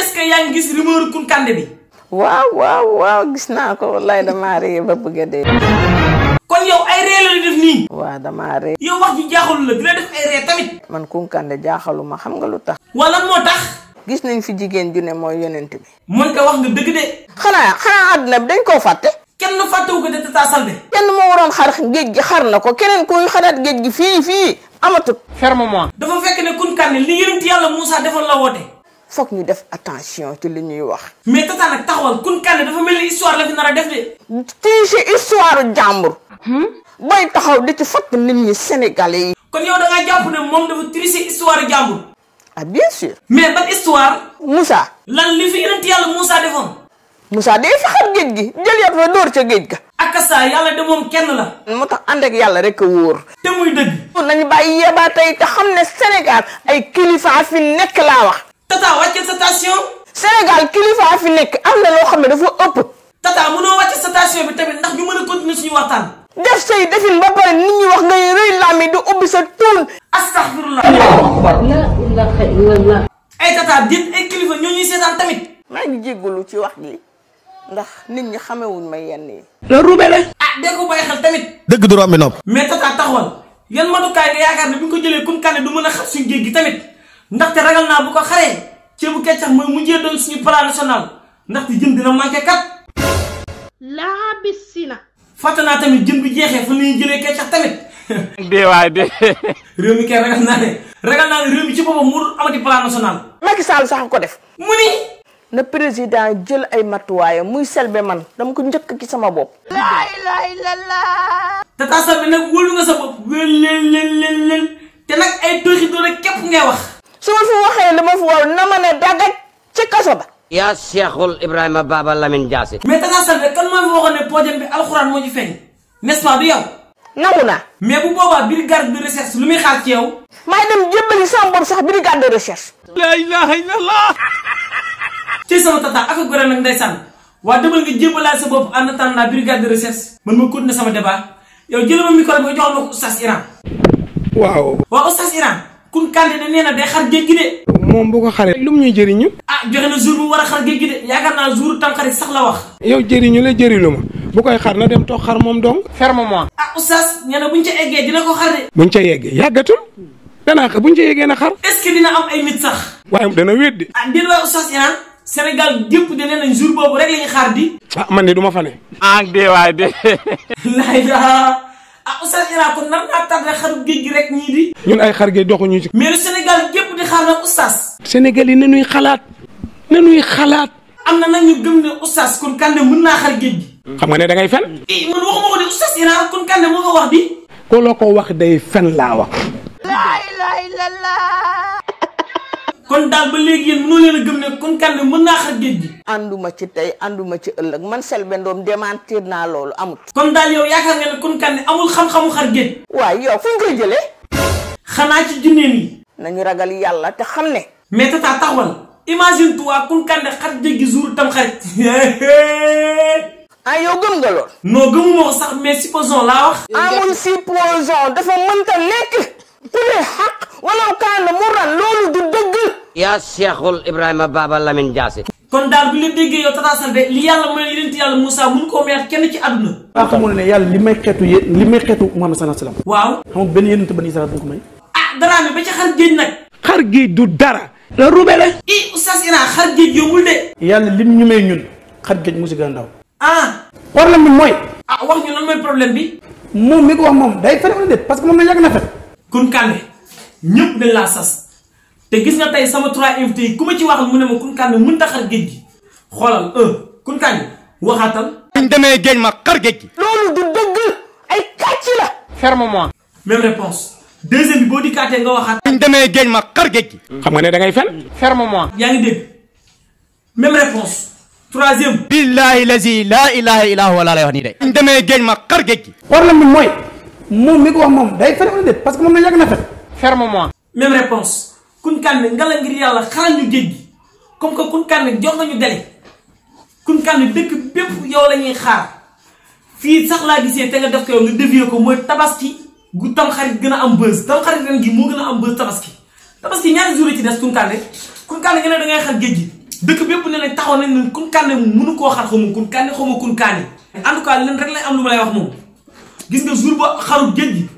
est-ce que yang gis rumeur kande bi. waaw waaw waaw gis na ko wallahi dama ree ba bëgg de kon yow ay ree la def ni wa dama ree. yow wax ji jaaxalu la dina def ay ree tamit. man kun kande ma xam nga lu tax. wala moo tax. gis nañ fi jigen ju ne moy yonent bi. mon ka wax nga deug de. xana xana àdduna bi dañ ko fàtte. kenn wu ko de Tata Saldé. kenn mo waron xar geej gi xar na ko keneen kuy xaraat gi fi fi amatu ferme moi. dafa fekk ne kan li yonent yalla musa defal la wote foog ñu def attention ci li ñuy wax. mais tata nag taxawal kun kànne dafa mel ni histoire la fi nar a def de. tii si histoire jàmbur. Hmm? bay taxaw di ci fokk ni ñi sénégalais yi. kon yow da jàpp ne moom dafa tricher histoire jàmbur. ah bien sûr. mais ban histoire. Moussa. lan li fi yonent yàlla Moussa defoon. Moussa day faxat géej gi jël yat fa dóor ca géej ga. ak saa yàlla de moom kenn la. moo tax ànd ak yàlla rek a wóor. te muy dëgg. nañu bàyyi yebaatay te xam ne Sénégal ay kilifa fi nekk laa wax. tata wàcce station. Sénégal kilifa fi nekk am na loo xam ne dafa ëpp. tata mënoo wàcce station bi tamit ndax ñu mën a continuer suñu waxtaan. def say defin ba pare nit ñi wax ngay rëy laam yi di ubbi sa tuun. astaghfirullah. ay tata déet kilifa ñoo seetaan tamit. maa ngi jéggalu ci wax gi ndax nit ñi xamewuñ may yenn yi. la ruube ah dee ko bàyyi xel tamit. dëgg du romb nopp. mais tata taxawal yan matukaay nga yaakaar ne ñu ko jëlee comme kan du mën a xam suñu ndax té ragal na bu ko xaré ci bu keccax moy mu jëddon suñu plan national ndax ndaxte jëm dina manké kat la bisina fatana naa tamit jën bu jeexee fa ñuy jëlé keccax tamit dé way dé réew mi ké ragal na né ragal na réew mi ci bopam mu amati plan national Macky Sall sax ko def mu ni na président jël ay matuwaayam muy selbe man dama ko ñëkk ci sama bop la la ilaaha illallaah tata bi nak wolu nga sa bop wel lel lel lel té nak nag ay doxi rek képp ngay wax suma fi waxe li fi war na ma ne dagaj ci kasso ba ya cheikhul ibrahim baba Lamine jassi mais dangaa sal rek kan moo fi waxone ne podium bi alquran mo ci feeñ nest pas du yow nangu mais bu boba bir brigade de recherche lu muy xaar ci yow may dem jébbali sambor sax bir brigade de recherche la ilaha illallah ci sama tata ak gore nak ndaysan wa demal nga jébbalaat sa bopp en attendant brigade de recherche man ma continuer sama débat yow jëlal ma micro bi jox joxal oustaz Iran waaw waa oustaz Iran Kandé ne nee na day xar géej gi de. moom bu ko xaree lum ñuy jëriñu. ah joxe na jour bu war a xar géej gi de yaakaar naa jour tamxarit sax la wax. yow jëriñu la jëriñu bu koy xar na dem toog xar moom dong. ferme moi. ah oustaz ñu ne buñ ca eggee dina ko xar de. buñ ca yeggee yàggatul danaa ko buñ ca yeggee na xar. est-ce que dina am ay nit sax. waaye dana weddi. ah dina la oustaz Iran. Sénégal gépp de nee nañ jour boobu rek la ñu di. ah man de du ma fa ne. ah de waay de. lay daa. ah oustaz Ira kon nar naa tardé xaru géej gi rek ñii di. ñun ay xar géej doxuñu ci. mais lu Sénégal gépp di xaar nag oustaz. Sénégal yi nañuy xalaat nañuy xalaat. am na nag ñu gëm ne oustaz kon Kande mën naa xar géej gi. xam nga ne da ngay fen. eh man waxuma ko de oustaz Ira kon Kande moo ko wax di. ko loo ko wax day fen laa wax. la ilaha illallah. kon dal ba léegi yeen mënu leena gëm ne kon kan ne mëna xar géej gi anduma ci tay anduma ci ëlëk man sel Ndom démentir na loolu amut kon dal yow yaakaar nga ne kon kan ne amul xam-xamu xar géej waaye yow fu nga jëlé xana ci jinné ni nañu ragal yalla te xamné ne mais tata taxwal imagine toi kan ne xar géej gi jour tam xar ayo ah, gëm nga lool no gëm mo sax mais supposons la wax amul supposons dafa mënta nek ku yaa seexul Ibrahima Baba Lamine Diassé. kon daal bu la déggee yow Tata Sandé li yàlla mooy yonent yàlla Moussa mun koo meex kenn ci àdduna. waaw xamul ne ne yàlla lim ñu may ñun xar géej mu a ndaw. ah. problème bi mooy. ah wax ñu lan mooy problème bi. moom mi ko wax moom day fen wala déet parce que moom la yàgg na fen. kon kàlle ñëpp dañ laa sas te gis nga tey sama trois invité yi ku ma ci wax mu ne ma kun kànn mën ta xar géej gi xoolal un kun waxaatal. ma xar géej gi. loolu du dëgg ay kàcc la. ferme-moi. même réponse deuxième bi boo dikkaatee nga waxaat. buñ demee géej ma xar géej xam nga ne da ngay ferme-moi. yaa ngi dégg laa ilaaha illaa laa lay wax nii de. buñ ma xar géej gi. problème bi mooy moom moom day parce que moom na fen. ferme-moi. kun kande ngala ngir yalla xalandu ñu gi comme que kun kande jox nañu délé kun kande dekk bépp yow lañuy xaar fi sax la gisé té nga def ko yow nga dévier ko moy tabaski gu tam xarit gëna am bës tam xarit ren gi mo gëna am bës tabaski tabaski ñaari jour ci dess kun kande kun kande nga da ngay xar geej gi dëkk bépp ne lañ taxaw nañ kun kande mënu ko xar xamu kun kande xamu kun kande en tout cas len rek lay am lu ma lay wax mom gis nga jour ba xaru geej gi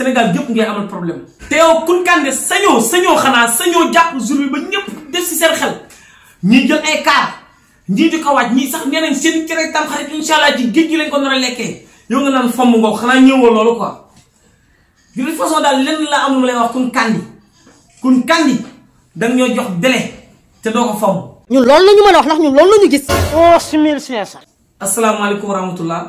sénégal yépp ngay amal problème kun kunkande sañu sañu xana sañu japp jour bi ba ñëpp def ci seen xel ñi jël ay car ñi di ko wacc ñi sax nee seen cere tam xarit inshallah ci géej gi lañ ko nara a lekkee yow nga nan fomm ngo xana ñëwoo loolu quoi de toute façon dal lenn la amul lay wax kun kandi kun kandi dang ñoo jox délai té do ko fomm ñu loolu lañu mëna wax nak ñu loolu lañu gis. oh assalamu alaykum wa rahmatullah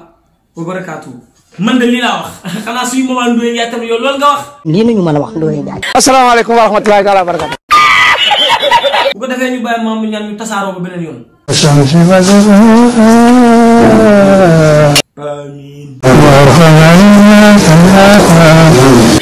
wa barakatuh man de lii laa wax xanaa suñu maman Ndoye Ndiaye tamit yow loolu nga wax. lii nañu mën a wax Ndoye Ndiaye. asalaamaaleykum wa rahmatulaahi wa barakaatu. bu ko defee ñu bàyyi maam ñaan ñu tasaaroo ba beneen yoon. amiin.